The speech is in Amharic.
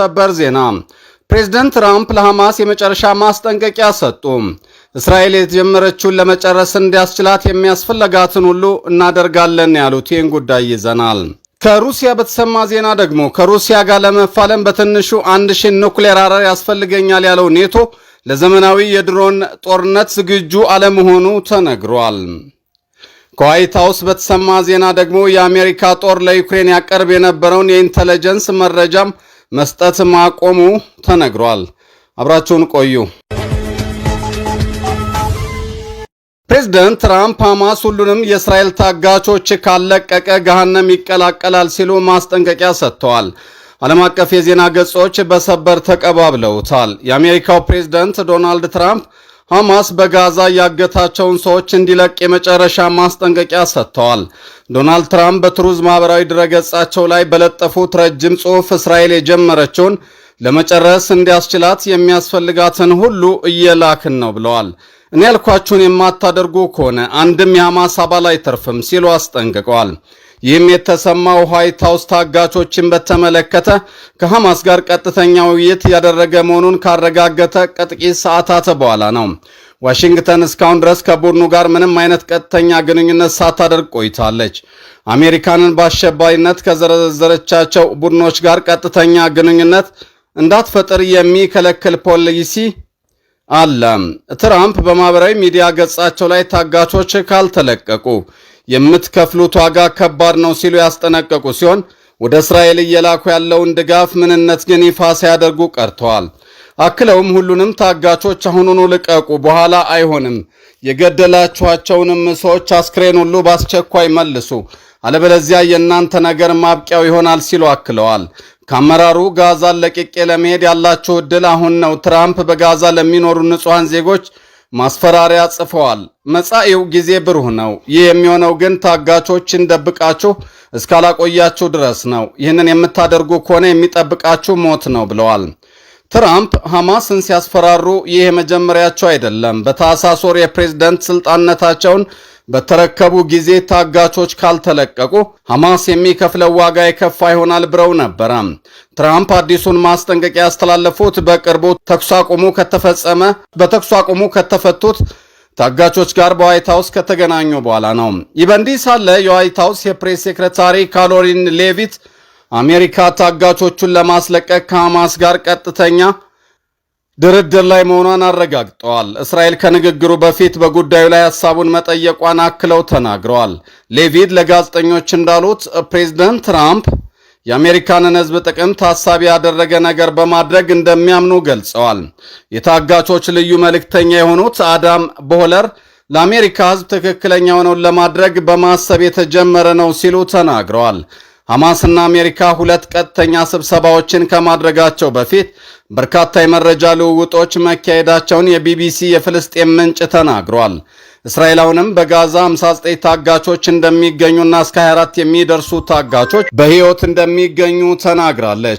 ሰበር ዜና ፕሬዝደንት ትራምፕ ለሐማስ የመጨረሻ ማስጠንቀቂያ ሰጡ። እስራኤል የተጀመረችውን ለመጨረስ እንዲያስችላት የሚያስፈልጋትን ሁሉ እናደርጋለን ያሉት ይህን ጉዳይ ይዘናል። ከሩሲያ በተሰማ ዜና ደግሞ ከሩሲያ ጋር ለመፋለም በትንሹ አንድ ሺህ ኑክሌር አረር ያስፈልገኛል ያለው ኔቶ ለዘመናዊ የድሮን ጦርነት ዝግጁ አለመሆኑ ተነግሯል። ከዋይት ሀውስ በተሰማ ዜና ደግሞ የአሜሪካ ጦር ለዩክሬን ያቀርብ የነበረውን የኢንተለጀንስ መረጃም መስጠት ማቆሙ ተነግሯል። አብራችሁን ቆዩ። ፕሬዝደንት ትራምፕ ሐማስ ሁሉንም የእስራኤል ታጋቾች ካለቀቀ ገሃነም ይቀላቀላል ሲሉ ማስጠንቀቂያ ሰጥተዋል። ዓለም አቀፍ የዜና ገጾች በሰበር ተቀባብለውታል። የአሜሪካው ፕሬዝደንት ዶናልድ ትራምፕ ሐማስ በጋዛ ያገታቸውን ሰዎች እንዲለቅ የመጨረሻ ማስጠንቀቂያ ሰጥተዋል። ዶናልድ ትራምፕ በትሩዝ ማኅበራዊ ድረገጻቸው ላይ በለጠፉት ረጅም ጽሑፍ እስራኤል የጀመረችውን ለመጨረስ እንዲያስችላት የሚያስፈልጋትን ሁሉ እየላክን ነው ብለዋል። እኔ ያልኳችሁን የማታደርጉ ከሆነ አንድም የሐማስ አባል አይተርፍም ሲሉ አስጠንቅቀዋል። ይህም የተሰማው ዋይት ሀውስ ታጋቾችን በተመለከተ ከሐማስ ጋር ቀጥተኛ ውይይት ያደረገ መሆኑን ካረጋገጠ ከጥቂት ሰዓታት በኋላ ነው። ዋሽንግተን እስካሁን ድረስ ከቡድኑ ጋር ምንም አይነት ቀጥተኛ ግንኙነት ሳታደርግ ቆይታለች። አሜሪካንን በአሸባሪነት ከዘረዘረቻቸው ቡድኖች ጋር ቀጥተኛ ግንኙነት እንዳትፈጥር የሚከለክል ፖሊሲ አለ። ትራምፕ በማህበራዊ ሚዲያ ገጻቸው ላይ ታጋቾች ካልተለቀቁ የምትከፍሉት ዋጋ ከባድ ነው ሲሉ ያስጠነቀቁ ሲሆን ወደ እስራኤል እየላኩ ያለውን ድጋፍ ምንነት ግን ይፋ ሳያደርጉ ቀርተዋል። አክለውም ሁሉንም ታጋቾች አሁኑኑ ልቀቁ፣ በኋላ አይሆንም፣ የገደላችኋቸውንም ሰዎች አስክሬን ሁሉ በአስቸኳይ መልሱ፣ አለበለዚያ የእናንተ ነገር ማብቂያው ይሆናል ሲሉ አክለዋል። ከአመራሩ ጋዛን ለቅቄ ለመሄድ ያላቸው ዕድል አሁን ነው። ትራምፕ በጋዛ ለሚኖሩ ንጹሐን ዜጎች ማስፈራሪያ ጽፈዋል። መጻኢው ጊዜ ብሩህ ነው። ይህ የሚሆነው ግን ታጋቾችን ደብቃችሁ እስካላቆያችሁ ድረስ ነው። ይህንን የምታደርጉ ከሆነ የሚጠብቃችሁ ሞት ነው ብለዋል። ትራምፕ ሐማስን ሲያስፈራሩ ይህ የመጀመሪያቸው አይደለም። በታህሳስ ወር የፕሬዝደንት ስልጣንነታቸውን በተረከቡ ጊዜ ታጋቾች ካልተለቀቁ ሐማስ የሚከፍለው ዋጋ የከፋ ይሆናል ብለው ነበረ። ትራምፕ አዲሱን ማስጠንቀቂያ ያስተላለፉት በቅርቡ ተኩስ አቁሙ ከተፈጸመ በተኩስ አቁሙ ከተፈቱት ታጋቾች ጋር በዋይት ከተገናኙ በኋላ ነው። ይህ በእንዲህ ሳለ የዋይት የፕሬስ ሴክሬታሪ ካሎሪን ሌቪት አሜሪካ ታጋቾቹን ለማስለቀቅ ከሐማስ ጋር ቀጥተኛ ድርድር ላይ መሆኗን አረጋግጠዋል። እስራኤል ከንግግሩ በፊት በጉዳዩ ላይ ሀሳቡን መጠየቋን አክለው ተናግረዋል። ሌቪድ ለጋዜጠኞች እንዳሉት ፕሬዚደንት ትራምፕ የአሜሪካንን ሕዝብ ጥቅም ታሳቢ ያደረገ ነገር በማድረግ እንደሚያምኑ ገልጸዋል። የታጋቾች ልዩ መልእክተኛ የሆኑት አዳም ቦለር ለአሜሪካ ሕዝብ ሆነውን ለማድረግ በማሰብ የተጀመረ ነው ሲሉ ተናግረዋል። ሐማስና አሜሪካ ሁለት ቀጥተኛ ስብሰባዎችን ከማድረጋቸው በፊት በርካታ የመረጃ ልውውጦች መካሄዳቸውን የቢቢሲ የፍልስጤም ምንጭ ተናግሯል። እስራኤላውንም በጋዛ 59 ታጋቾች እንደሚገኙና እስከ 24 የሚደርሱ ታጋቾች በሕይወት እንደሚገኙ ተናግራለች።